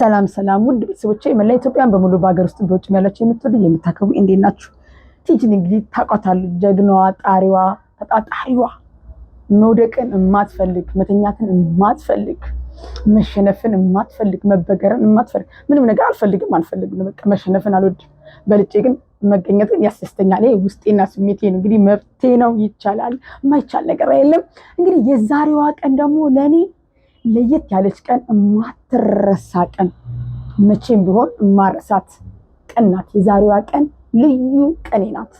ሰላም ሰላም ውድ ቤተሰቦቼ መላ ኢትዮጵያን በሙሉ በሀገር ውስጥ በውጭ ያላችሁ የምትወዱ የምታከቡ እንዴት ናችሁ? ቲጂን እንግዲህ ታቋታል። ጀግናዋ፣ ጣሪዋ፣ ተጣጣሪዋ፣ መውደቅን የማትፈልግ መተኛትን የማትፈልግ መሸነፍን የማትፈልግ መበገርን የማትፈልግ ምንም ነገር አልፈልግም አልፈልግም በቃ መሸነፍን አልወድም። በልጬ ግን መገኘት ግን ያስደስተኛል። ይሄ ውስጤና ስሜቴ ነው። እንግዲህ መብቴ ነው። ይቻላል። የማይቻል ነገር የለም። እንግዲህ የዛሬዋ ቀን ደግሞ ለእኔ ለየት ያለች ቀን፣ እማትረሳ ቀን፣ መቼም ቢሆን እማረሳት ቀን ናት። የዛሬዋ ቀን ልዩ ቀኔ ናት፣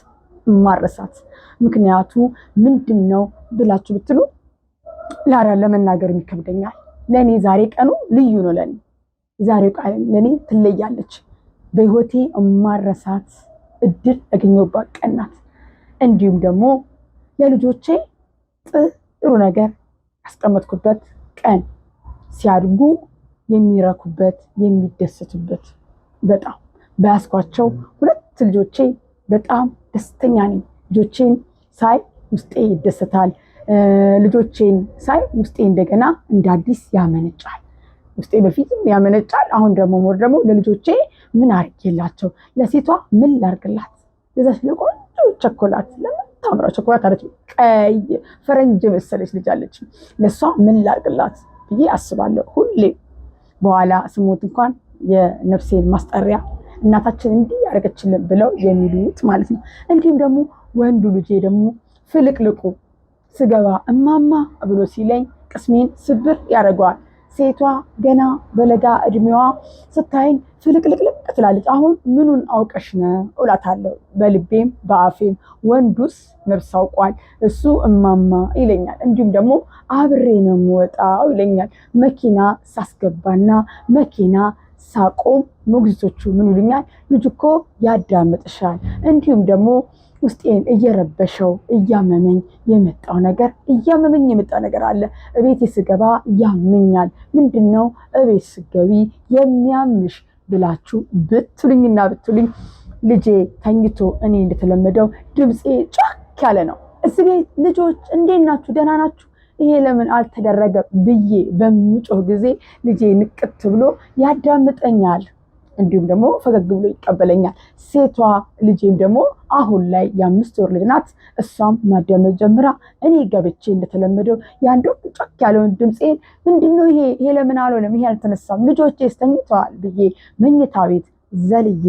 እማረሳት ምክንያቱ ምንድን ነው ብላችሁ ብትሉ ላራ ለመናገር ይከብደኛል። ለእኔ ዛሬ ቀኑ ልዩ ነው። ለኔ ዛሬ ቀን ለእኔ ትለያለች። በህይወቴ እማረሳት እድል ያገኘሁባት ቀን ናት። እንዲሁም ደግሞ ለልጆቼ ጥሩ ነገር ያስቀመጥኩበት ቀን ሲያድጉ የሚረኩበት የሚደሰቱበት በጣም በያስኳቸው ሁለት ልጆቼ በጣም ደስተኛ ነኝ። ልጆቼን ሳይ ውስጤ ይደሰታል። ልጆቼን ሳይ ውስጤ እንደገና እንደ አዲስ ያመነጫል። ውስጤ በፊትም ያመነጫል። አሁን ደግሞ ሞር ደግሞ ለልጆቼ ምን አርጌላቸው፣ ለሴቷ ምን ላርግላት፣ ለዛች ለቆንጆ ቸኮላት ለምታምራ ቸኮላት አለች፣ ቀይ ፈረንጅ መሰለች ልጃለች፣ ለእሷ ምን ላርግላት ብዬ አስባለሁ። ሁሌ በኋላ ስሞት እንኳን የነፍሴን ማስጠሪያ እናታችን እንዲህ ያደረገችልን ብለው የሚሉት ማለት ነው። እንዲሁም ደግሞ ወንዱ ልጄ ደግሞ ፍልቅልቁ ስገባ እማማ ብሎ ሲለኝ ቅስሜን ስብር ያደርገዋል። ሴቷ ገና በለጋ እድሜዋ ስታይን ፍልቅልቅልቅ ትላለች። አሁን ምኑን አውቀሽ ነው እላታለሁ በልቤም በአፌም። ወንዱስ ነብስ አውቋል እሱ እማማ ይለኛል። እንዲሁም ደግሞ አብሬ ነው የምወጣው ይለኛል። መኪና ሳስገባና መኪና ሳቆም ሞግዚቶቹ ምን ይሉኛል? ልጅ እኮ ያዳምጥሻል። እንዲሁም ደግሞ ውስጤን እየረበሸው እያመመኝ የመጣው ነገር እያመመኝ የመጣው ነገር አለ። እቤት ስገባ ያመኛል። ምንድን ነው እቤት ስገቢ የሚያምሽ ብላችሁ ብትሉኝና ብትሉኝ ልጄ ተኝቶ እኔ እንደተለመደው ድምፄ ጫክ ያለ ነው። እዚ ቤት ልጆች እንዴት ናችሁ? ደህና ናችሁ? ይሄ ለምን አልተደረገ ብዬ በምጮህ ጊዜ ልጄ ንቅት ብሎ ያዳምጠኛል። እንዲሁም ደግሞ ፈገግ ብሎ ይቀበለኛል። ሴቷ ልጄም ደግሞ አሁን ላይ የአምስት ወር ልጅ ናት። እሷም ማዳመጥ ጀምራ እኔ ገብቼ እንደተለመደው ያንዱ ጮክ ያለውን ድምፄን ምንድነው ይሄ ይሄ ለምን አልሆነም? ይሄ አልተነሳም፣ ልጆቼ ስተኝተዋል ብዬ መኝታ ቤት ዘልዬ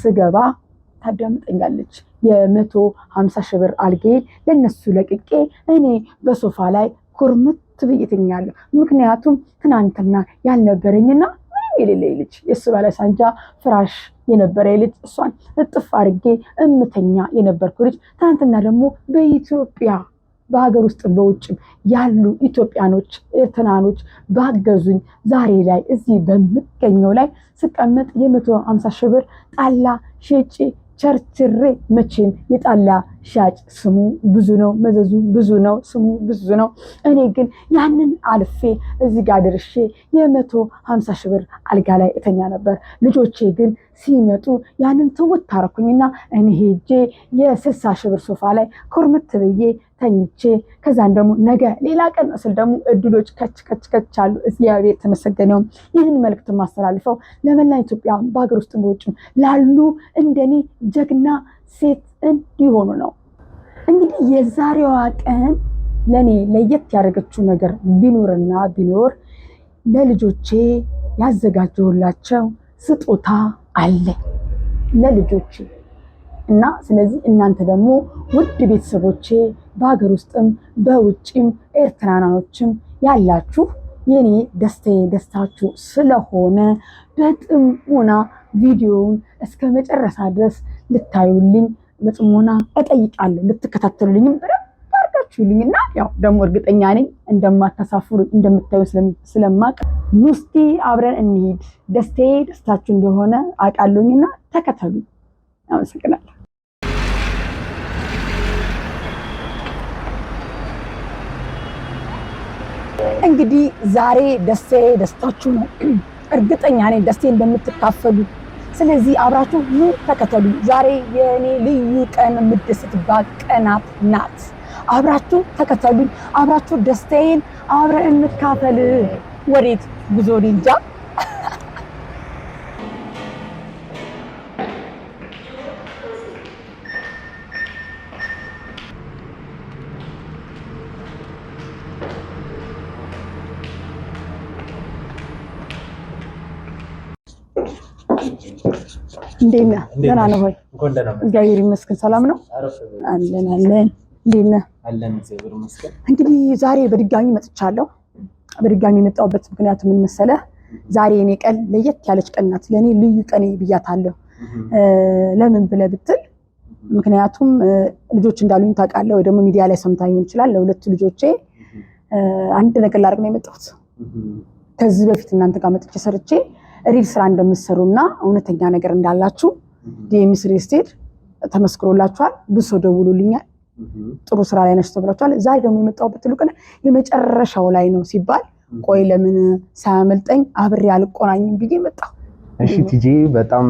ስገባ ታዳምጠኛለች። የመቶ ሀምሳ ሺህ ብር አልጌን ለእነሱ ለቅቄ እኔ በሶፋ ላይ ኩርምት ብዬ ምክንያቱም ትናንትና ያልነበረኝና የሌለ ልጅ የእሱ ባለሳንጃ ፍራሽ የነበረ ልጅ እሷን እጥፍ አድርጌ እምተኛ የነበርኩ ልጅ ትናንትና ደግሞ በኢትዮጵያ በሀገር ውስጥ በውጭም ያሉ ኢትዮጵያኖች፣ ኤርትራኖች ባገዙኝ ዛሬ ላይ እዚህ በምገኘው ላይ ስቀመጥ የመቶ ሀምሳ ሺህ ብር ጣላ ሸጬ ቸርችሬ መቼም የጣላ ሻጭ ስሙ ብዙ ነው፣ መዘዙ ብዙ ነው፣ ስሙ ብዙ ነው። እኔ ግን ያንን አልፌ እዚህ ጋር ደርሼ የመቶ ሀምሳ ሺህ ብር አልጋ ላይ እተኛ ነበር። ልጆቼ ግን ሲመጡ ያንን ትውት አረኩኝና እኔ ሄጄ የስልሳ ሺህ ብር ሶፋ ላይ ኩርምት ብዬ ተኝቼ ከዛን ደግሞ ነገ ሌላ ቀን ስል ደግሞ እድሎች ከች ከች ከች አሉ። እግዚአብሔር የተመሰገነውም ይህን መልእክት ማስተላልፈው ለመላ ኢትዮጵያ በሀገር ውስጥ በውጭም ላሉ እንደኔ ጀግና ሴት እንዲሆኑ ነው። እንግዲህ የዛሬዋ ቀን ለእኔ ለየት ያደረገችው ነገር ቢኖርና ቢኖር ለልጆቼ ያዘጋጀሁላቸው ስጦታ አለ ለልጆቼ እና ስለዚህ እናንተ ደግሞ ውድ ቤተሰቦቼ በሀገር ውስጥም በውጭም ኤርትራኖችም ያላችሁ የኔ ደስታዬ ደስታችሁ ስለሆነ በጥሞና ቪዲዮውን እስከ መጨረሻ ድረስ ልታዩልኝ በጥሞና እጠይቃለሁ። ልትከታተሉልኝም አደረጋችሁልኝ እና ያው ደግሞ እርግጠኛ ነኝ እንደማታሳፍሩ እንደምታዩ ስለማቅ ኑስቲ አብረን እንሂድ። ደስቴ ደስታችሁ እንደሆነ አውቃለሁኝና ተከተሉ። አመሰግናለሁ። እንግዲህ ዛሬ ደስታዬ ደስታችሁ ነው። እርግጠኛ ነኝ ደስቴ እንደምትካፈሉ። ስለዚህ አብራችሁ ኑ ተከተሉ። ዛሬ የእኔ ልዩ ቀን የምደሰትባት ቀናት ናት። አብራችሁ ተከተሉኝ፣ አብራችሁ ደስታዬን አብረን እንካፈል። ወዴት ጉዞ እንጃ። እንዴት ነህ? ደህና ነህ ወይ? እግዚአብሔር ይመስገን። ሰላም ነው። አለን አለን እንግዲህ ዛሬ በድጋሚ መጥቻለሁ። በድጋሚ የመጣሁበት ምክንያት ምን መሰለህ? ዛሬ እኔ ቀን ለየት ያለች ቀን ናት። ለእኔ ልዩ ቀኔ ብያታለሁ። ለምን ብለህ ብትል ምክንያቱም ልጆች እንዳሉኝ ታውቃለህ፣ ወይ ደግሞ ሚዲያ ላይ ሰምታኝ ይችላል። ለሁለቱ ልጆቼ አንድ ነገር ላደርግ ነው የመጣሁት። ከዚህ በፊት እናንተ ጋር መጥቼ ሰርቼ ሪል ስራ እንደምትሰሩ እና እውነተኛ ነገር እንዳላችሁ ዲኤምሲ ሪል ስቴት ተመስክሮላችኋል። ብሶ ደውሉልኛል ጥሩ ስራ ላይ ነሽ ተብላችኋል። ዛሬ ደግሞ የመጣሁበት ትልቅ የመጨረሻው ላይ ነው ሲባል ቆይ ለምን ሳያመልጠኝ አብሬ አልቆናኝም ብዬ መጣሁ። እሺ ቲጂ በጣም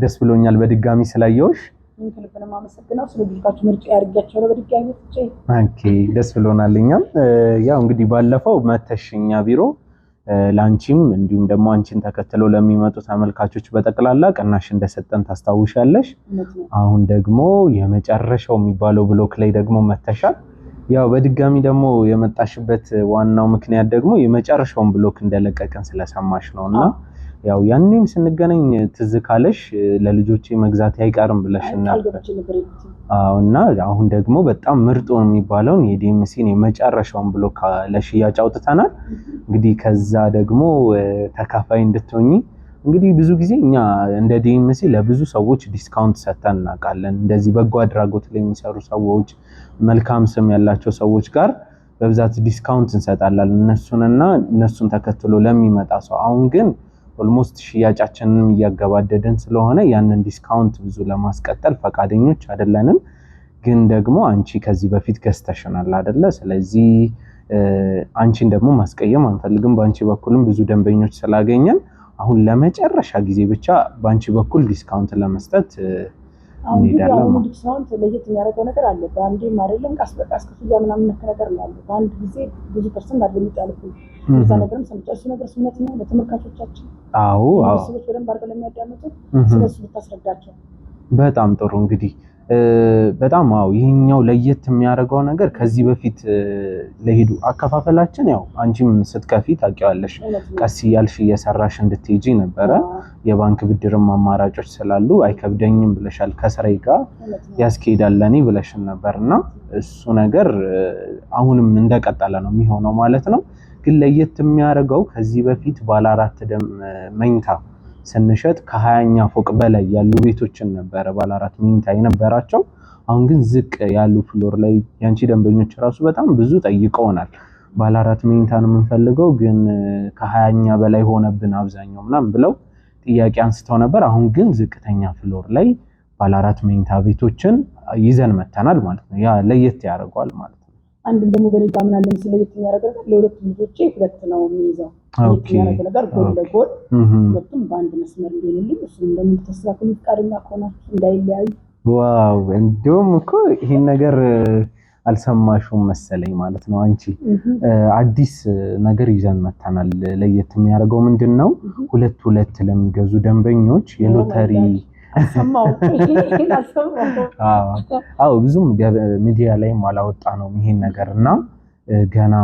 ደስ ብሎኛል በድጋሚ ስላየሁሽ። ደስ ብሎናል። እኛም ያው እንግዲህ ባለፈው መተሽኛ ቢሮ ላንቺም እንዲሁም ደግሞ አንቺን ተከትሎ ለሚመጡ ተመልካቾች በጠቅላላ ቅናሽ እንደሰጠን ታስታውሻለሽ። አሁን ደግሞ የመጨረሻው የሚባለው ብሎክ ላይ ደግሞ መተሻል። ያው በድጋሚ ደግሞ የመጣሽበት ዋናው ምክንያት ደግሞ የመጨረሻውን ብሎክ እንደለቀቀን ስለሰማሽ ነውና ያው ያንንም ስንገናኝ ትዝ ካለሽ ለልጆቼ መግዛት አይቀርም ብለሽና፣ እና አሁን ደግሞ በጣም ምርጡ የሚባለውን የዲኤምሲን የመጨረሻውን ብሎክ ለሽያጭ አውጥተናል። እንግዲህ ከዛ ደግሞ ተካፋይ እንድትሆኚ እንግዲህ ብዙ ጊዜ እኛ እንደ ዲኤምሲ ለብዙ ሰዎች ዲስካውንት ሰጥተን እናውቃለን። እንደዚህ በጎ አድራጎት ላይ የሚሰሩ ሰዎች፣ መልካም ስም ያላቸው ሰዎች ጋር በብዛት ዲስካውንት እንሰጣለን እነሱንና እነሱን ተከትሎ ለሚመጣ ሰው አሁን ግን ኦልሞስት ሽያጫችንንም እያገባደድን ስለሆነ ያንን ዲስካውንት ብዙ ለማስቀጠል ፈቃደኞች አይደለንም። ግን ደግሞ አንቺ ከዚህ በፊት ገዝተሽናል አደለ? ስለዚህ አንቺን ደግሞ ማስቀየም አንፈልግም። በአንቺ በኩልም ብዙ ደንበኞች ስላገኘን አሁን ለመጨረሻ ጊዜ ብቻ በአንቺ በኩል ዲስካውንት ለመስጠት አሁን ግን ለየት የሚያደርገው ነገር አለ። አይደለም ቀስ በቀስ ክፍያ ምናምን ነክ ነገር ያለ በአንድ ጊዜ ብዙ ፐርሰንት አለ የሚጣልብን እዛ ነገርም ሰምጫሱ ነገር ስነት ነው ለተመልካቾቻችን። አዎ ሰዎች በደንብ አድርገው ለሚያዳምጡት ስለሱ ብታስረዳቸው በጣም ጥሩ እንግዲህ በጣም አዎ፣ ይህኛው ለየት የሚያደርገው ነገር ከዚህ በፊት ለሄዱ አከፋፈላችን ያው አንቺም ስትከፊ ታውቂዋለሽ፣ ቀስ እያልሽ እየሰራሽ እንድትሄጂ ነበረ። የባንክ ብድርም አማራጮች ስላሉ አይከብደኝም ብለሻል። ከስራዬ ጋር ያስኬዳል ለኔ ብለሽን እና እሱ ነገር አሁንም እንደቀጠለ ነው የሚሆነው ማለት ነው። ግን ለየት የሚያደርገው ከዚህ በፊት ባለ አራት መኝታ ስንሸጥ ከሀያኛ ፎቅ በላይ ያሉ ቤቶችን ነበረ ባለ አራት መኝታ የነበራቸው። አሁን ግን ዝቅ ያሉ ፍሎር ላይ ያንቺ ደንበኞች ራሱ በጣም ብዙ ጠይቀውናል። ባለ አራት መኝታ ነው የምንፈልገው ግን ከሀያኛ በላይ ሆነብን አብዛኛው ምናምን ብለው ጥያቄ አንስተው ነበር። አሁን ግን ዝቅተኛ ፍሎር ላይ ባለ አራት መኝታ ቤቶችን ይዘን መተናል ማለት ነው። ያ ለየት ያደርገዋል ማለት ነው። አንድም ደግሞ በኔጋ ምስል ለየት የሚያደርገው ለሁለቱም ልጆቼ ሁለት ነው የሚይዘው ያደረገ ነገር ጎን ለጎን ሁለቱም በአንድ መስመር እንዲሆንልኝ እሱም እንደምን ፍቃደኛ ከሆናችሁ እንዳይለያዩ። ዋው እንዲሁም እኮ ይህን ነገር አልሰማሽውም መሰለኝ ማለት ነው። አንቺ አዲስ ነገር ይዘን መታናል ለየት የሚያደርገው ምንድን ነው? ሁለት ሁለት ለሚገዙ ደንበኞች የሎተሪ አዎ፣ ብዙም ሚዲያ ላይም አላወጣ ነው ይሄን ነገር እና ገና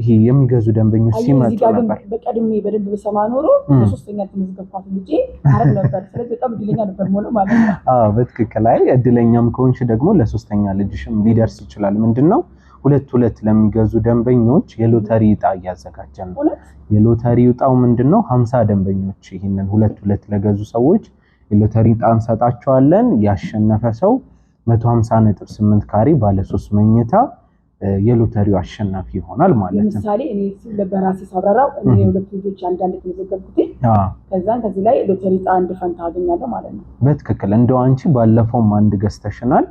ይሄ የሚገዙ ደንበኞች ሲመጡ ነበር። በቀድሜ በደንብ በሰማ ኖሮ ሶስተኛ ተመዝገብኳት ልጄ አረብ ነበር። ስለዚህ በጣም እድለኛ ነበር ሆነ ማለት ነው። በትክክል ላይ እድለኛም ከሆንሽ ደግሞ ለሶስተኛ ልጅሽም ሊደርስ ይችላል። ምንድን ነው ሁለት ሁለት ለሚገዙ ደንበኞች የሎተሪ እጣ እያዘጋጀን ነው። የሎተሪ እጣው ምንድን ነው? ሀምሳ ደንበኞች ይህንን ሁለት ሁለት ለገዙ ሰዎች የሎተሪ እጣ እንሰጣቸዋለን። ያሸነፈ ሰው መቶ ሀምሳ ነጥብ ስምንት ካሬ ባለሶስት መኝታ የሎተሪው አሸናፊ ይሆናል ማለት ነው። ለምሳሌ እኔ በራሴ ሳብራራው እኔ ሁለት ልጆች አንዳንድ የተመዘገብኩት ከዛን ከዚህ ላይ ሎተሪ ዕጣ አንድ ፈንታ አገኛለሁ ማለት ነው። በትክክል እንደው አንቺ ባለፈውም አንድ ገዝተሽናል።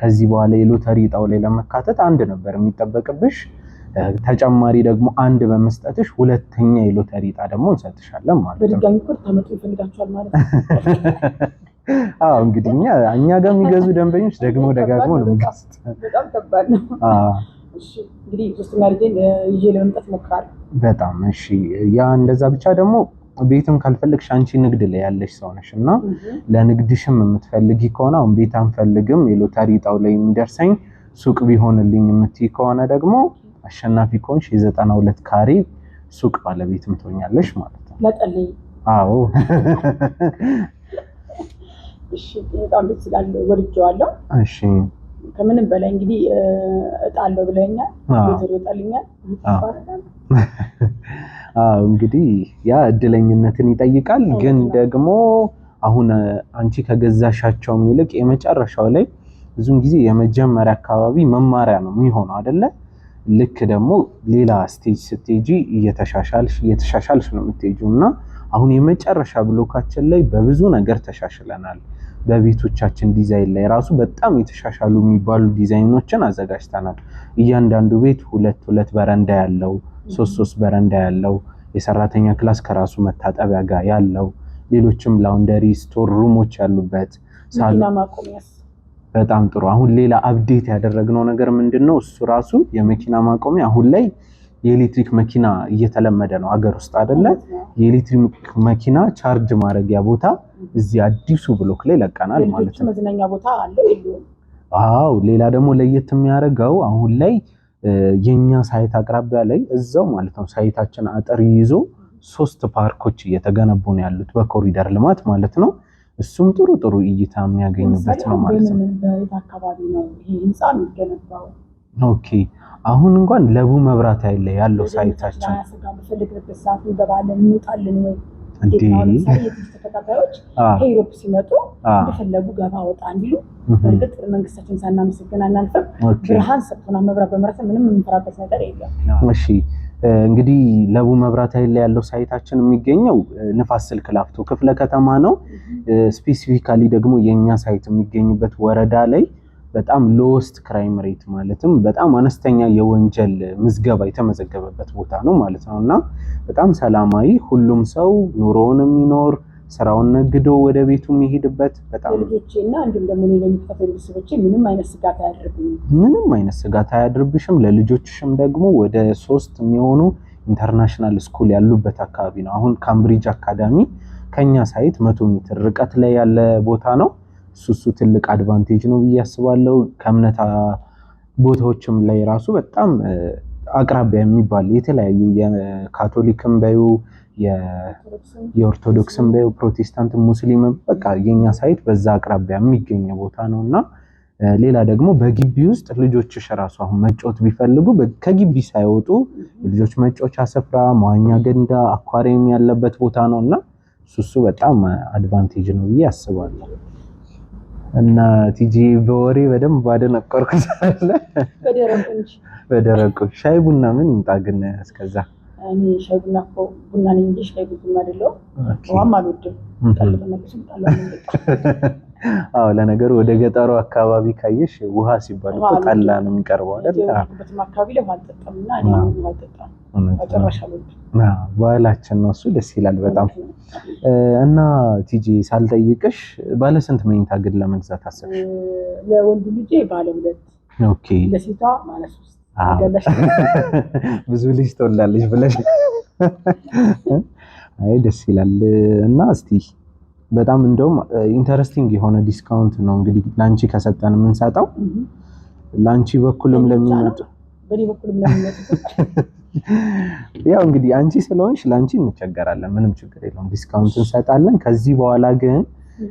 ከዚህ በኋላ የሎተሪ ዕጣው ላይ ለመካተት አንድ ነበር የሚጠበቅብሽ። ተጨማሪ ደግሞ አንድ በመስጠትሽ ሁለተኛ የሎተሪ ዕጣ ደግሞ እንሰጥሻለን ማለት ነው። በድጋሚ እኮ ይፈልጋቸዋል ማለት ነው። አዎ እንግዲህ እኛ እኛ ጋር የሚገዙ ደንበኞች ደግሞ ደጋግሞ ነው የሚገዙት። በጣም ከባድ ነው። እሺ እንግዲህ ሶስተኛ ልጄን ይዤ ለመምጣት በጣም እሺ። ያ እንደዛ ብቻ ደግሞ ቤትም ካልፈልግ አንቺ ንግድ ላይ ያለሽ ሰው ነሽ እና ለንግድሽም የምትፈልጊ ከሆነ አሁን ቤት አንፈልግም የሎተሪ ጣው ላይ የሚደርሰኝ ሱቅ ቢሆንልኝ የምትይ ከሆነ ደግሞ አሸናፊ ከሆንሽ የዘጠና ሁለት ካሬ ሱቅ ባለቤትም ትሆኛለሽ ማለት ነው። አዎ እሺ በጣም ደስ ይላል፣ ወድጄዋለሁ። እሺ ከምንም በላይ እንግዲህ እጣለሁ ብለኛል፣ ይወጣልኛል። አዎ እንግዲህ ያ እድለኝነትን ይጠይቃል። ግን ደግሞ አሁን አንቺ ከገዛሻቸውም ይልቅ የመጨረሻው ላይ ብዙን ጊዜ የመጀመሪያ አካባቢ መማሪያ ነው የሚሆነው አይደለ? ልክ ደግሞ ሌላ ስቴጅ ስትሄጂ እየተሻሻልሽ እየተሻሻልሽ ነው የምትሄጂው እና አሁን የመጨረሻ ብሎካችን ላይ በብዙ ነገር ተሻሽለናል። በቤቶቻችን ዲዛይን ላይ ራሱ በጣም የተሻሻሉ የሚባሉ ዲዛይኖችን አዘጋጅተናል። እያንዳንዱ ቤት ሁለት ሁለት በረንዳ ያለው፣ ሶስት ሶስት በረንዳ ያለው፣ የሰራተኛ ክላስ ከራሱ መታጠቢያ ጋር ያለው፣ ሌሎችም ላውንደሪ ስቶር ሩሞች ያሉበት በጣም ጥሩ። አሁን ሌላ አፕዴት ያደረግነው ነገር ምንድን ነው? እሱ ራሱ የመኪና ማቆሚያ አሁን ላይ የኤሌክትሪክ መኪና እየተለመደ ነው አገር ውስጥ አይደለ? የኤሌክትሪክ መኪና ቻርጅ ማድረጊያ ቦታ እዚህ አዲሱ ብሎክ ላይ ለቀናል ማለት ነው። መዝናኛ ቦታ አለው። አዎ ሌላ ደግሞ ለየት የሚያደርገው አሁን ላይ የኛ ሳይት አቅራቢያ ላይ እዛው ማለት ነው ሳይታችን አጥር ይዞ ሶስት ፓርኮች እየተገነቡ ነው ያሉት በኮሪደር ልማት ማለት ነው። እሱም ጥሩ ጥሩ እይታ የሚያገኝበት ነው ማለት ነው። ኦኬ አሁን እንኳን ለቡ መብራት ያለ ያለው ሳይታችን ተከታዮች ከዩሮፕ ሲመጡ እንደፈለጉ ገባ ወጣ እንዲሉ በእርግጥ መንግስታችን ሳናመሰግን አናልፍም። ብርሃን ሰጥቶና መብራት በመብራት ምንም የምንፈራበት ነገር የለም። እሺ እንግዲህ ለቡ መብራት ኃይል ላይ ያለው ሳይታችን የሚገኘው ንፋስ ስልክ ላፍቶ ክፍለ ከተማ ነው። ስፔሲፊካሊ ደግሞ የኛ ሳይት የሚገኝበት ወረዳ ላይ በጣም ሎስት ክራይም ሬት ማለትም በጣም አነስተኛ የወንጀል ምዝገባ የተመዘገበበት ቦታ ነው ማለት ነው እና በጣም ሰላማዊ ሁሉም ሰው ኑሮውን የሚኖር ስራውን ነግዶ ወደ ቤቱ የሚሄድበት በጣም ልጆቼና እንዲሁም ደግሞ ሌላ ቤተሰቦቼ ምንም አይነት ስጋት አያድርብኝም። ምንም አይነት ስጋት አያድርብሽም። ለልጆችሽም ደግሞ ወደ ሶስት የሚሆኑ ኢንተርናሽናል ስኩል ያሉበት አካባቢ ነው። አሁን ካምብሪጅ አካዳሚ ከኛ ሳይት መቶ ሜትር ርቀት ላይ ያለ ቦታ ነው። እሱ እሱ ትልቅ አድቫንቴጅ ነው ብዬ አስባለሁ። ከእምነት ቦታዎችም ላይ ራሱ በጣም አቅራቢያ የሚባል የተለያዩ የካቶሊክም በዩ የኦርቶዶክስም በዩ ፕሮቴስታንት፣ ሙስሊምም በቃ የኛ ሳይት በዛ አቅራቢያ የሚገኝ ቦታ ነው እና ሌላ ደግሞ በግቢ ውስጥ ልጆችሽ ራሱ አሁን መጫወት ቢፈልጉ ከግቢ ሳይወጡ ልጆች መጫወቻ ስፍራ፣ መዋኛ ገንዳ፣ አኳሪየም ያለበት ቦታ ነው እና እሱ በጣም አድቫንቴጅ ነው ብዬ አስባለሁ። እና ቲጂ በወሬ በደንብ ባደነቀርኩት አለ። በደረቁ ሻይ ቡና ምን ይምጣ ግን እስከዛ ሻይ ቡና እኮ ቡና ነኝ እንጂ ሻይ ቡና አይደለሁም። ውሃም አልወድም። ጣል በመልስም ጣል አዎ ለነገሩ ወደ ገጠሩ አካባቢ ካየሽ ውሃ ሲባል እኮ ጠላ ነው የሚቀርበው አይደል? ባህላችን ነው እሱ። ደስ ይላል በጣም እና ቲጂ ሳልጠይቅሽ ባለ ስንት መኝታ ግን ለመግዛት አሰብሽ? ለወንዱ ልጄ ባለ ሁለት ኦኬ፣ ለሴቷ ባለ ሶስት ብዙ ልጅ ትወላለች ብለሽ። አይ ደስ ይላል እና እስቲ በጣም እንደውም ኢንተረስቲንግ የሆነ ዲስካውንት ነው እንግዲህ ላንቺ ከሰጠን የምንሰጠው። ላንቺ በኩልም ለሚመጡ ያው እንግዲህ አንቺ ስለሆንሽ ላንቺ እንቸገራለን፣ ምንም ችግር የለውም፣ ዲስካውንት እንሰጣለን። ከዚህ በኋላ ግን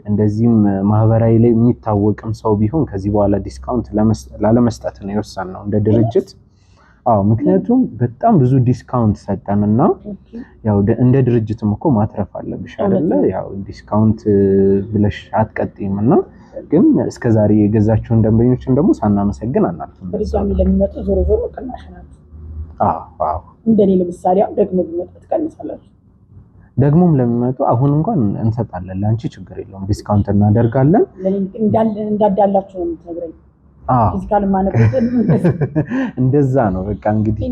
እንደዚህም ማህበራዊ ላይ የሚታወቅም ሰው ቢሆን ከዚህ በኋላ ዲስካውንት ላለመስጠት ነው ነው እንደ ድርጅት። አዎ ምክንያቱም በጣም ብዙ ዲስካውንት ሰጠንና ያው እንደ ድርጅትም እኮ ማትረፍ አለብሽ አይደለ? ያው ዲስካውንት ብለሽ አትቀጥይም እና ግን እስከዛሬ የገዛችሁን ደንበኞችን ደግሞ ሳናመሰግን አናልፍም። በዛም ለሚመጡ ዞሮ ዞሮ ቅናሽ ናት። አዎ አዎ። እንደኔ ለምሳሌ አሁን ደግሞ ቢመጡ ትቀንሳላችሁ። ደግሞም ለሚመጡ አሁን እንኳን እንሰጣለን። ለአንቺ ችግር የለውም ዲስካውንት እናደርጋለን። እንዳዳላችሁ ነው የምትነግረኝ እንደዛ ነው በቃ እንግዲህ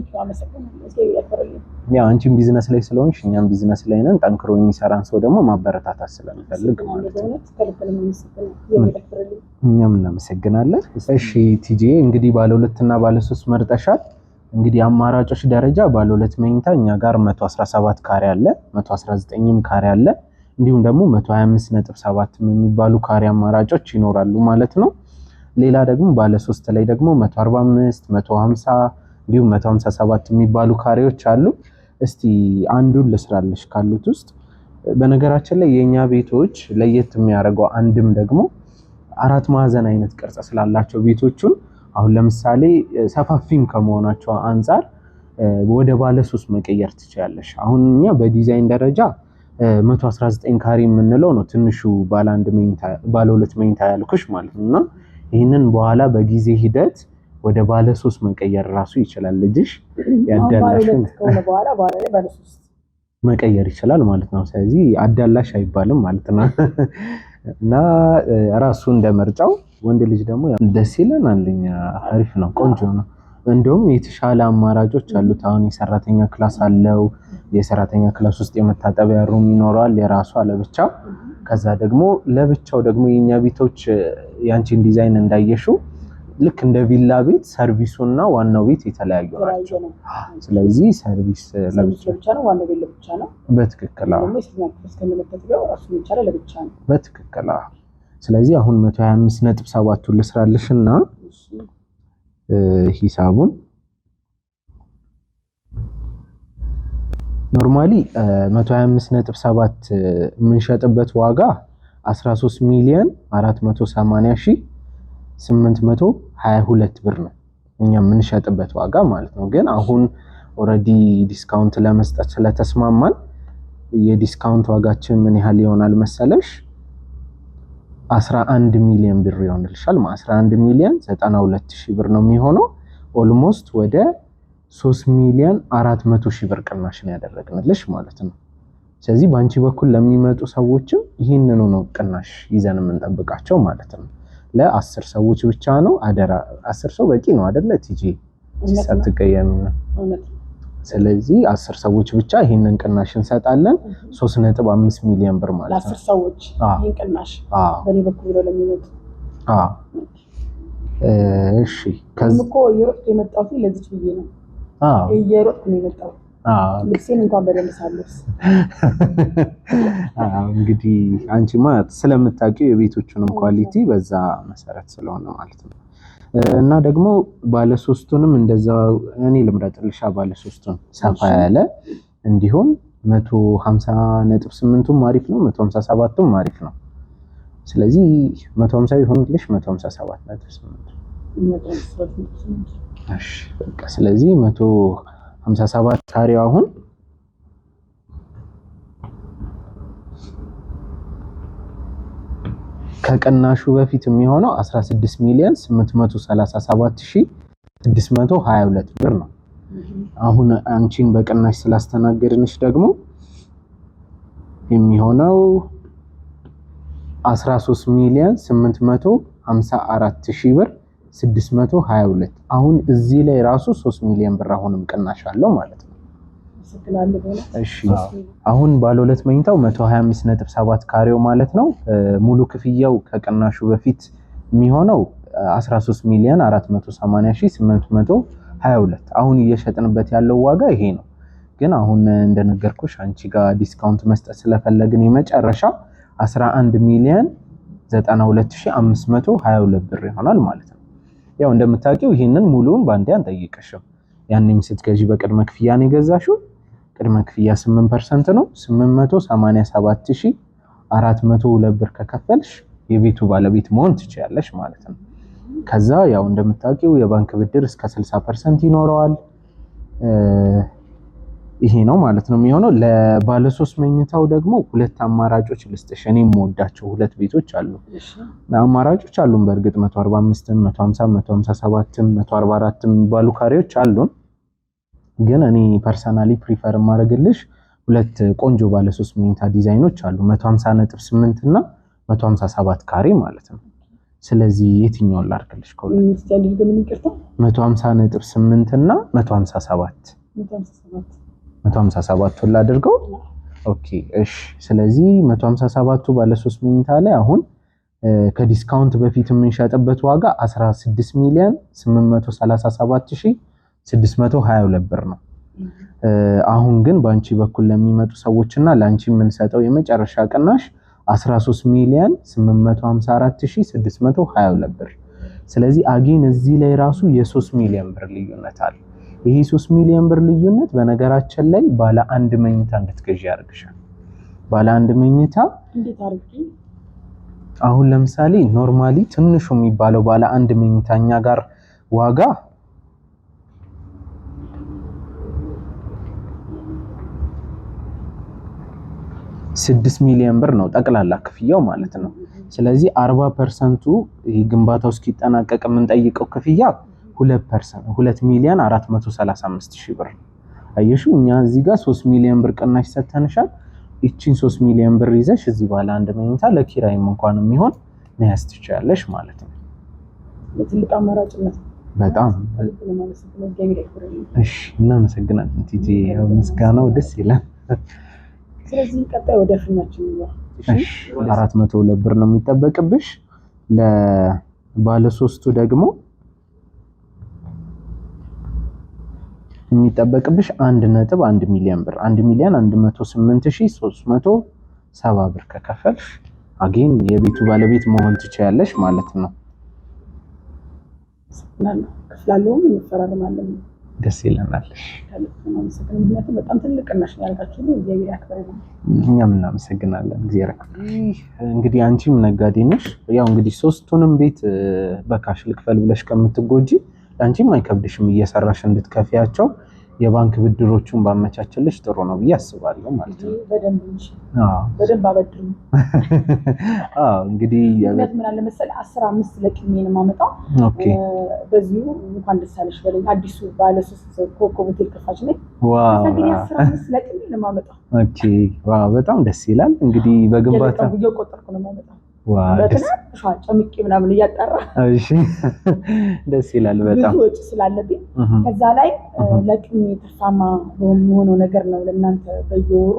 ያው አንቺም ቢዝነስ ላይ ስለሆንሽ እኛም ቢዝነስ ላይ ነን። ጠንክሮ የሚሰራን ሰው ደግሞ ማበረታታት ስለሚፈልግ ማለት እኛም እናመሰግናለን። እሺ ቲጂ እንግዲህ ባለ ሁለት እና ባለ ሶስት መርጠሻል። እንግዲህ አማራጮች ደረጃ ባለ ሁለት መኝታ እኛ ጋር 117 ካሬ አለ፣ 119ም ካሬ አለ፣ እንዲሁም ደግሞ 125.7 የሚባሉ ካሬ አማራጮች ይኖራሉ ማለት ነው። ሌላ ደግሞ ባለ ሶስት ላይ ደግሞ 145 150 እንዲሁም 157 የሚባሉ ካሬዎች አሉ። እስቲ አንዱን ልስራለሽ ካሉት ውስጥ በነገራችን ላይ የኛ ቤቶች ለየት የሚያደርገው አንድም ደግሞ አራት ማዕዘን አይነት ቅርጽ ስላላቸው ቤቶቹን አሁን ለምሳሌ ሰፋፊም ከመሆናቸው አንጻር ወደ ባለ ሶስት መቀየር ትችላለሽ። አሁን እኛ በዲዛይን ደረጃ 119 ካሬ የምንለው ነው ትንሹ ባለ አንድ መኝታ ባለ ሁለት መኝታ ያልኩሽ ማለት ነው። ይህንን በኋላ በጊዜ ሂደት ወደ ባለ ሶስት መቀየር ራሱ ይችላል። ልጅሽ ያዳላሽን መቀየር ይችላል ማለት ነው። ስለዚህ አዳላሽ አይባልም ማለት ነው እና ራሱ እንደ ምርጫው ወንድ ልጅ ደግሞ ደስ ይለን አንደኛ አሪፍ ነው፣ ቆንጆ ነው። እንዲሁም የተሻለ አማራጮች አሉት። አሁን የሰራተኛ ክላስ አለው። የሰራተኛ ክላስ ውስጥ የመታጠቢያ ሩም ይኖረዋል የራሱ አለብቻ ከዛ ደግሞ ለብቻው ደግሞ የኛ ቤቶች ያንቺን ዲዛይን እንዳየሹ ልክ እንደ ቪላ ቤት ሰርቪሱ እና ዋናው ቤት የተለያዩ ናቸው። ስለዚህ ሰርቪስ ለብቻ ነው፣ ዋናው ቤት ለብቻ ነው። በትክክል በትክክል። ስለዚህ አሁን መቶ ሀያ አምስት ነጥብ ሰባቱን ልስራልሽ ልስራልሽና ሂሳቡን ኖርማሊ 125.7 የምንሸጥበት ዋጋ 13 ሚሊዮን 480 ሺህ 822 ብር ነው። እኛ የምንሸጥበት ዋጋ ማለት ነው። ግን አሁን ኦልሬዲ ዲስካውንት ለመስጠት ስለተስማማን የዲስካውንት ዋጋችን ምን ያህል ይሆናል መሰለሽ? 11 ሚሊዮን ብር ይሆንልሻል። 11 ሚሊዮን 92 ሺህ ብር ነው የሚሆነው ኦልሞስት ወደ ሶስት ሚሊዮን አራት መቶ ሺህ ብር ቅናሽ ነው ያደረግንልሽ ማለት ነው። ስለዚህ በአንቺ በኩል ለሚመጡ ሰዎችም ይህንኑ ነው ቅናሽ ይዘን የምንጠብቃቸው ማለት ነው። ለአስር ሰዎች ብቻ ነው አደራ። አስር ሰው በቂ ነው አደለ ቲጂ? ሳትቀየሚ ስለዚህ አስር ሰዎች ብቻ ይህንን ቅናሽ እንሰጣለን። ሶስት ነጥብ አምስት ሚሊዮን ብር ማለት ነው። ለአስር ሰዎች ይህን ቅናሽ በእኔ በኩል ብለው ለሚመጡ እሺ። ከዚህ እኮ የወቅቱ የመጣሁት ለዚች ብዬ ነው እየሮጥኩ ነው የመጣው። ልብሴን እንኳን በደንብ ሳለብስ። እንግዲህ አንቺማ ስለምታውቂው የቤቶቹንም ኳሊቲ በዛ መሰረት ስለሆነ ማለት ነው። እና ደግሞ ባለሶስቱንም እንደዛ እኔ ልምረጥልሻ። ባለሶስቱን ሰፋ ያለ እንዲሁም መቶ ሀምሳ ነጥብ ስምንቱም አሪፍ ነው፣ መቶ ሀምሳ ሰባቱም አሪፍ ነው። ስለዚህ መቶ ሀምሳ ይሆንልሽ መቶ ሀምሳ ሰባት ነጥብ ስምንቱ ስለዚህ በቃ ስለዚህ 157 ካሬው አሁን ከቅናሹ በፊት የሚሆነው 16 ሚሊዮን 837622 ብር ነው። አሁን አንቺን በቅናሽ ስላስተናገድንሽ ደግሞ የሚሆነው 13 ሚሊዮን 854 ሺህ ብር 622 አሁን እዚህ ላይ ራሱ 3 ሚሊዮን ብር አሁንም ቅናሽ አለው ማለት ነው። እሺ አሁን ባለ ሁለት መኝታው 125.7 ካሬው ማለት ነው ሙሉ ክፍያው ከቅናሹ በፊት የሚሆነው 13 ሚሊዮን 480822 አሁን እየሸጥንበት ያለው ዋጋ ይሄ ነው። ግን አሁን እንደነገርኩሽ አንቺ ጋር ዲስካውንት መስጠት ስለፈለግን የመጨረሻ 11 ሚሊዮን 92522 ብር ይሆናል ማለት ነው። ያው እንደምታውቂው ይህንን ሙሉውን በአንዴ አንጠይቅሽም። ያንንም ስትገዢ በቅድመ ክፍያ ነው የገዛሽው። ቅድመ ክፍያ 8% ነው። 887402 ብር ከከፈልሽ የቤቱ ባለቤት መሆን ትችያለሽ ማለት ነው። ከዛ ያው እንደምታውቂው የባንክ ብድር እስከ 60% ይኖረዋል። ይሄ ነው ማለት ነው የሚሆነው። ለባለ መኝታው ደግሞ ሁለት አማራጮች ልስጥሽ። እኔ የምወዳቸው ሁለት ቤቶች አሉ፣ አማራጮች አሉን። በእርግጥ 145ም፣ 150ም፣ 157ም 144ም የሚባሉ ካሬዎች አሉን። ግን እኔ ፐርሰናሊ ፕሪፈር የማደርግልሽ ሁለት ቆንጆ ባለሶስት መኝታ ዲዛይኖች አሉ 150.8 እና 157 ካሬ ማለት ነው። ስለዚህ የትኛውን ላድርግልሽ? ከሁለት 150.8 እና 157 157 ሁላ አድርገው። ኦኬ እሺ። ስለዚህ 157ቱ ባለ 3 መኝታ ላይ አሁን ከዲስካውንት በፊት የምንሸጥበት ዋጋ 16 ሚሊዮን 837622 ብር ነው። አሁን ግን በአንቺ በኩል ለሚመጡ ሰዎችና ለአንቺ የምንሰጠው የመጨረሻ ቅናሽ 13 ሚሊዮን 854622 ብር። ስለዚህ አጌን እዚህ ላይ ራሱ የ3 ሚሊዮን ብር ልዩነት አለ። ይሄ 3 ሚሊዮን ብር ልዩነት በነገራችን ላይ ባለ አንድ መኝታ እንድትገዢ ያደርግሻል። ባለ አንድ መኝታ አሁን ለምሳሌ ኖርማሊ ትንሹ የሚባለው ባለ አንድ መኝታ እኛ ጋር ዋጋ ስድስት ሚሊዮን ብር ነው ጠቅላላ ክፍያው ማለት ነው። ስለዚህ አርባ ፐርሰንቱ ግንባታ ግንባታው እስኪጠናቀቅ የምንጠይቀው ክፍያ ሁለት ሚሊዮን 435 ሺህ ብር አየሹ። እኛ እዚህ ጋር 3 ሚሊዮን ብር ቅናሽ ሰተንሻል። ይቺን 3 ሚሊዮን ብር ይዘሽ እዚህ ባለ አንድ መኝታ ለኪራይም እንኳን የሚሆን መያዝ ትችያለሽ ማለት ነው። ትልቅ አማራጭነት በጣም እሺ። እናመሰግናለን ቲጂ፣ ምስጋናው ደስ ይላል። ስለዚህ ቀጣይ ወደ ፍናችን አራት መቶ ሁለት ብር ነው የሚጠበቅብሽ። ለባለሶስቱ ደግሞ የሚጠበቅብሽ አንድ ነጥብ አንድ ሚሊዮን ብር አንድ ሚሊዮን አንድ መቶ ስምንት ሺ ሶስት መቶ ሰባ ብር ከከፈልሽ አጌን የቤቱ ባለቤት መሆን ትችያለሽ ማለት ነው። ደስ ይለናል። እኛም እናመሰግናለን። እግዚአብሔር እንግዲህ አንቺም ነጋዴ ነሽ። ያው እንግዲህ ሶስቱንም ቤት በካሽ ልክፈል ብለሽ ከምትጎጂ አንቺም አይከብድሽም እየሰራሽ እንድትከፊያቸው የባንክ ብድሮቹን ባመቻችልሽ ጥሩ ነው ብዬ አስባለሁ ማለት ነው። በደንብ አበድሩ። እንግዲህ ምን አለ መሰለህ አስራ አምስት ለቅሜ ነው የማመጣው። በዚሁ እንኳን ደስ አለሽ በለኝ አዲሱ ባለሶስት ሶስት ኮከብ ሆቴል ከፋች ላይ አስራ አምስት ለቅሜ ነው የማመጣው። በጣም ደስ ይላል። እንግዲህ በግንባታ ቆጠርኩ ነው የማመጣው በትናንሿ ጨምቄ ምናምን እያጠራ ደስ ይላል። በጣም ወጪ ስላለብኝ ከዛ ላይ ለቅሜ ትርፋማ በሚሆነው ነገር ነው ለእናንተ በየወሩ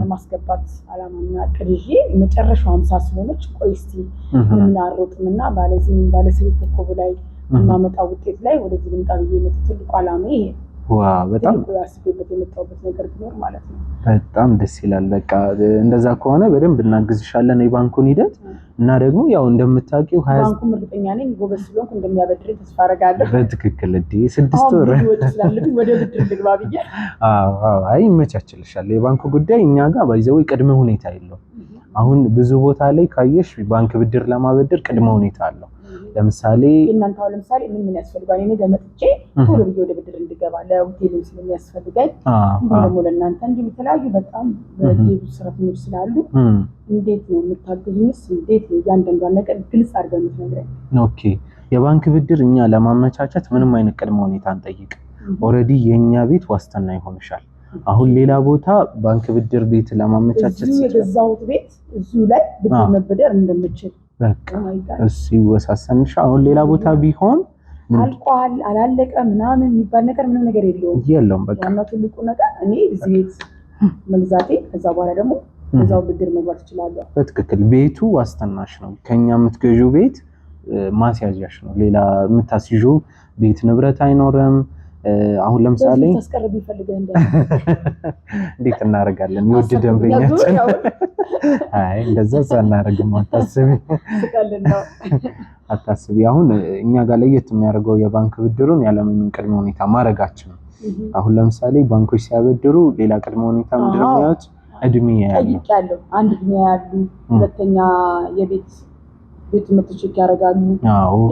ለማስገባት አላማና ቅድ ይዤ የመጨረሻው ሀምሳ ስለሆነች ቆይ እስኪ የምናሮጥም እና ባለዚህ ባለስቤት ኮከቡ ላይ የማመጣው ውጤት ላይ ወደዚህ ልምጣ ብዬ ትልቁ አላማ ይሄ በጣም አስቤበት የመጣሁበት ነገር ቢኖር ማለት ነው። በጣም ደስ ይላል። በቃ እንደዛ ከሆነ በደንብ እናግዝሻለን የባንኩን ሂደት እና ደግሞ ያው እንደምታውቂው ባንኩም እርግጠኛ ነኝ ጎበዝ ስለሆንኩ እንደሚያበድር ተስፋ አደርጋለሁ። በትክክል እ ስድስት ወር ስላለብኝ ወደ ብድር ልግባ ብዬ አይ ይመቻችልሻል። የባንኩ ጉዳይ እኛ ጋር ባይዘው ቅድመ ሁኔታ የለው። አሁን ብዙ ቦታ ላይ ካየሽ ባንክ ብድር ለማበድር ቅድመ ሁኔታ አለው። ለምሳሌ እናንተ አሁን ለምሳሌ ምን ምን ያስፈልጋል? እኔ ገመጥቼ ቶሎ ብዬ ወደ ብድር እንድገባ ለሆቴል ስለሚያስፈልገኝ ደግሞ ለእናንተ እንዲሁም የተለያዩ በጣም በዴቡ ስራተኞች ስላሉ እንዴት ነው የምታግዙኝስ? እንዴት ነው እያንዳንዷን ነገር ግልጽ አድርገን የምትነግረኝ? ኦኬ የባንክ ብድር እኛ ለማመቻቸት ምንም አይነት ቅድመ ሁኔታ አንጠይቅ። ኦልሬዲ የእኛ ቤት ዋስትና ይሆንሻል። አሁን ሌላ ቦታ ባንክ ብድር ቤት ለማመቻቸት የገዛሁት ቤት እዚሁ ላይ ብድር መበደር እንደምችል በቃ oh እሱ ይወሳሰንሽ። አሁን ሌላ ቦታ ቢሆን አልቋል አላለቀ ምናምን የሚባል ነገር ምንም ነገር የለውም የለውም። በቃ ትልቁ ነገር እኔ እዚህ ቤት መግዛቴ ከዛ በኋላ ደግሞ እዛው ብድር መግባት እችላለሁ። በትክክል ቤቱ ዋስትናሽ ነው። ከኛ የምትገዢው ቤት ማስያዣሽ ነው። ሌላ የምታስይዡ ቤት ንብረት አይኖርም። አሁን ለምሳሌ እንዴት እናደርጋለን? የውድ ደንበኛችን አይ እንደዛ ሳናደርግም አታስቢ አታስቢ። አሁን እኛ ጋር ለየት የሚያደርገው የባንክ ብድሩን ያለምንም ቅድመ ሁኔታ ማድረጋችን ነው። አሁን ለምሳሌ ባንኮች ሲያበድሩ ሌላ ቅድመ ሁኔታ ምንድን ነው የሚያዩት? እድሜ ያሉ አንድ እድሜ ያሉ ሁለተኛ የቤት ቤት ምትችግ ያደርጋሉ።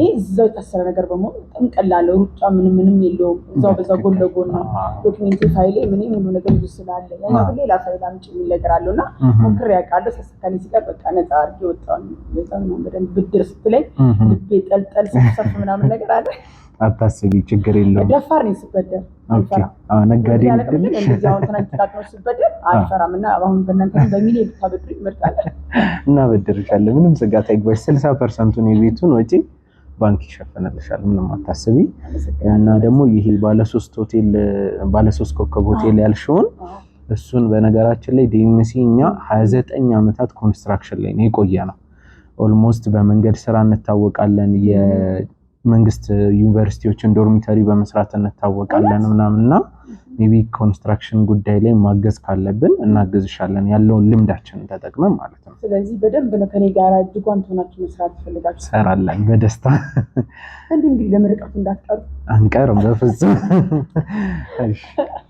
ይህ እዛው የታሰረ ነገር በመሆን በጣም ሩጫ ምንም ምንም የለውም። እዛው በዛ ጎን ለጎን ነው። ዶክሜንት ፋይሌ ምን ሙሉ ነገር ብዙ ስላለ ያኛው ሌላ ፋይል አምጪ የሚል ነገር አለው እና ሞክሬ አውቃለሁ። ሳሳካኝ ሲቀር በቃ ነፃ አድርጌ ወጣሁ። በደንብ ብድር ስትለኝ ልቤ ጠልጠል ሰፍሰፍ ምናምን ነገር አለ አታስቢ፣ ችግር የለውም። ደፋር ነው። ሲበደል ነጋዴ እናበድርሻለን። ምንም ስጋት አይግባሽ። ስልሳ ፐርሰንቱን የቤቱን ወጪ ባንክ ይሸፍንልሻል። ምንም አታስቢ። እና ደግሞ ይሄ ባለሶስት ሆቴል ባለሶስት ኮከብ ሆቴል ያልሽውን እሱን በነገራችን ላይ ዲኤምሲ እኛ 29 ዓመታት ኮንስትራክሽን ላይ ነው የቆየ ነው። ኦልሞስት በመንገድ ስራ እንታወቃለን። መንግስት ዩኒቨርሲቲዎችን ዶርሚተሪ በመስራት እንታወቃለን ምናምን እና ኮንስትራክሽን ጉዳይ ላይ ማገዝ ካለብን እናግዝሻለን ያለውን ልምዳችንን ተጠቅመን ማለት ነው። ስለዚህ በደንብ ነው ከኔ ጋር እጅጓን ትሆናችሁ መስራት ትፈልጋችሁ ሰራለን በደስታ እንዲህ እንግዲህ እንዳትቀሩ አንቀርም በፍጹም።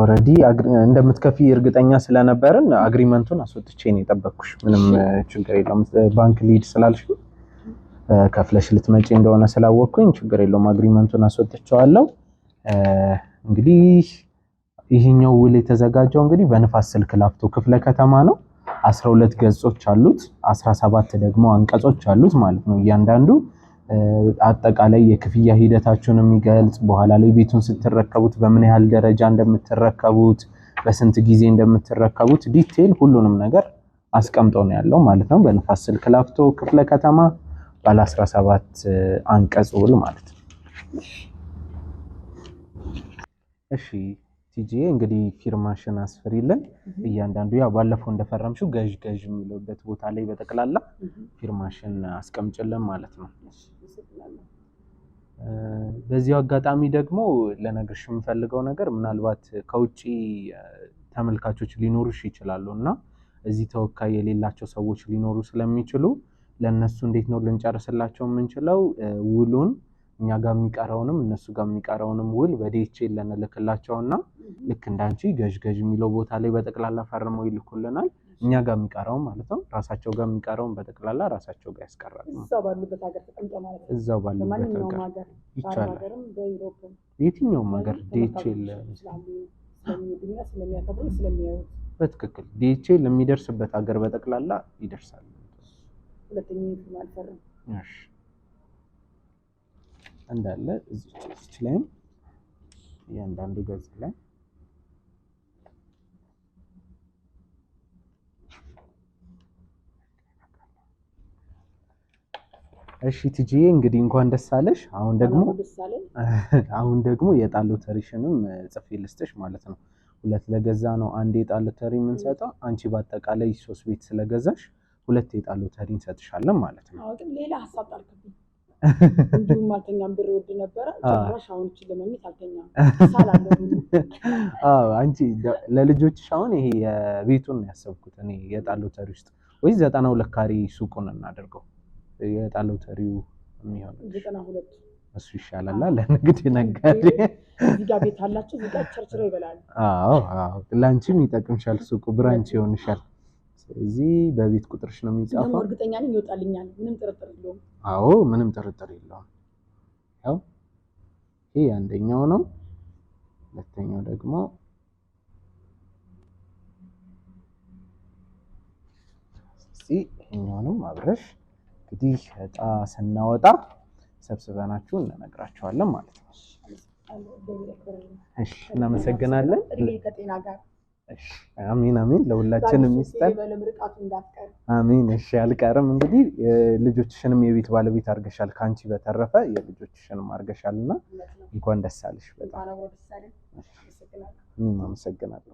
ኦልሬዲ እንደምትከፊ እርግጠኛ ስለነበርን አግሪመንቱን አስወጥቼ ነው የጠበቅኩሽ። ምንም ችግር የለውም። ባንክ ሊድ ስላልሽ ከፍለሽ ልትመጪ እንደሆነ ስላወቅኩኝ ችግር የለውም። አግሪመንቱን አስወጥቼዋለሁ። እንግዲህ ይህኛው ውል የተዘጋጀው እንግዲህ በንፋስ ስልክ ላፍቶ ክፍለ ከተማ ነው። ሁለት ገጾች አሉት። ሰባት ደግሞ አንቀጾች አሉት ማለት ነው እያንዳንዱ አጠቃላይ የክፍያ ሂደታችሁን የሚገልጽ በኋላ ላይ ቤቱን ስትረከቡት በምን ያህል ደረጃ እንደምትረከቡት በስንት ጊዜ እንደምትረከቡት ዲቴል ሁሉንም ነገር አስቀምጦ ነው ያለው ማለት ነው። በንፋስ ስልክ ላፍቶ ክፍለ ከተማ ባለ 17 አንቀጽ ውል ማለት ነው። እሺ ቲጂ እንግዲህ ፊርማሽን አስፍሪልን። እያንዳንዱ ያው ባለፈው እንደፈረምሽው ገዥ ገዥ የሚለበት ቦታ ላይ በጠቅላላ ፊርማሽን አስቀምጭልን ማለት ነው። በዚሁ አጋጣሚ ደግሞ ለነገርሽ የምፈልገው ነገር ምናልባት ከውጭ ተመልካቾች ሊኖሩሽ ይችላሉ እና እዚህ ተወካይ የሌላቸው ሰዎች ሊኖሩ ስለሚችሉ ለእነሱ እንዴት ነው ልንጨርስላቸው የምንችለው ውሉን እኛ ጋር የሚቀረውንም እነሱ ጋር የሚቀረውንም ውል በዲኤች ኤል እና ልክ እንዳንቺ ገዥ ገዥ የሚለው ቦታ ላይ በጠቅላላ ፈርመው ይልኩልናል። እኛ ጋር የሚቀረውን ማለት ነው ራሳቸው ጋር የሚቀረውን በጠቅላላ ራሳቸው ጋር ያስቀራል። እዛው ባሉበት ሀገር ሀገር ይቻላል። የትኛውም ሀገር በትክክል ዲኤች ለሚደርስበት ሀገር በጠቅላላ ይደርሳል። ሁለተኛ እንዳለ እዚች ላይም እያንዳንዱ ገጽ ላይ እሺ ትጂዬ እንግዲህ እንኳን ደስ አለሽ። አሁን ደግሞ አሁን ደግሞ የዕጣን ሎተሪሽንም ጽፌ ልስጥሽ ማለት ነው። ሁለት ለገዛ ነው አንድ የዕጣን ሎተሪ የምንሰጠው። አንቺ በአጠቃላይ ሶስት ቤት ስለገዛሽ ሁለት የዕጣን ሎተሪ እንሰጥሻለን ማለት ነው። ሌላ ሀሳብ እንዲሁም አልተኛም። ብር ውድ ነበረ ጭራሽ። አሁን እቺ ለመኝት አልተኛም አንቺ ለልጆችሽ አሁን ይሄ የቤቱን ያሰብኩት እኔ የጣለው ተሪ ውስጥ ወይ ዘጠና ሁለት ካሬ ሱቁን እናደርገው የጣለው ተሪው የሚሆን ዘጠና ሁለት እሱ ይሻላል። ለንግድ ነጋዴ እዚህ ቤት አላቸው፣ እዚህ ቸርችሮ ይበላል። ለአንቺም ይጠቅምሻል ሱቁ፣ ብራንች ይሆንሻል። እዚህ በቤት ቁጥርሽ ነው የሚጻፈው። እርግጠኛ ነኝ ይወጣልኛል። ምንም ጥርጥር የለውም። አዎ ምንም ጥርጥር የለውም። ያው ይሄ አንደኛው ነው። ሁለተኛው ደግሞ ይሄኛውንም አብረሽ እንግዲህ እጣ ስናወጣ ሰብስበናችሁ እንነግራችኋለን ማለት ነው። እሺ እናመሰግናለን። ከጤና ጋር አሚን አሚን፣ ለሁላችን ይስጠን። አሚን። እሺ አልቀርም። እንግዲህ ልጆችሽንም የቤት ባለቤት አድርገሻል፣ ከአንቺ በተረፈ የልጆችሽንም አድርገሻልና እንኳን ደስ አለሽ። በጣም አመሰግናለሁ።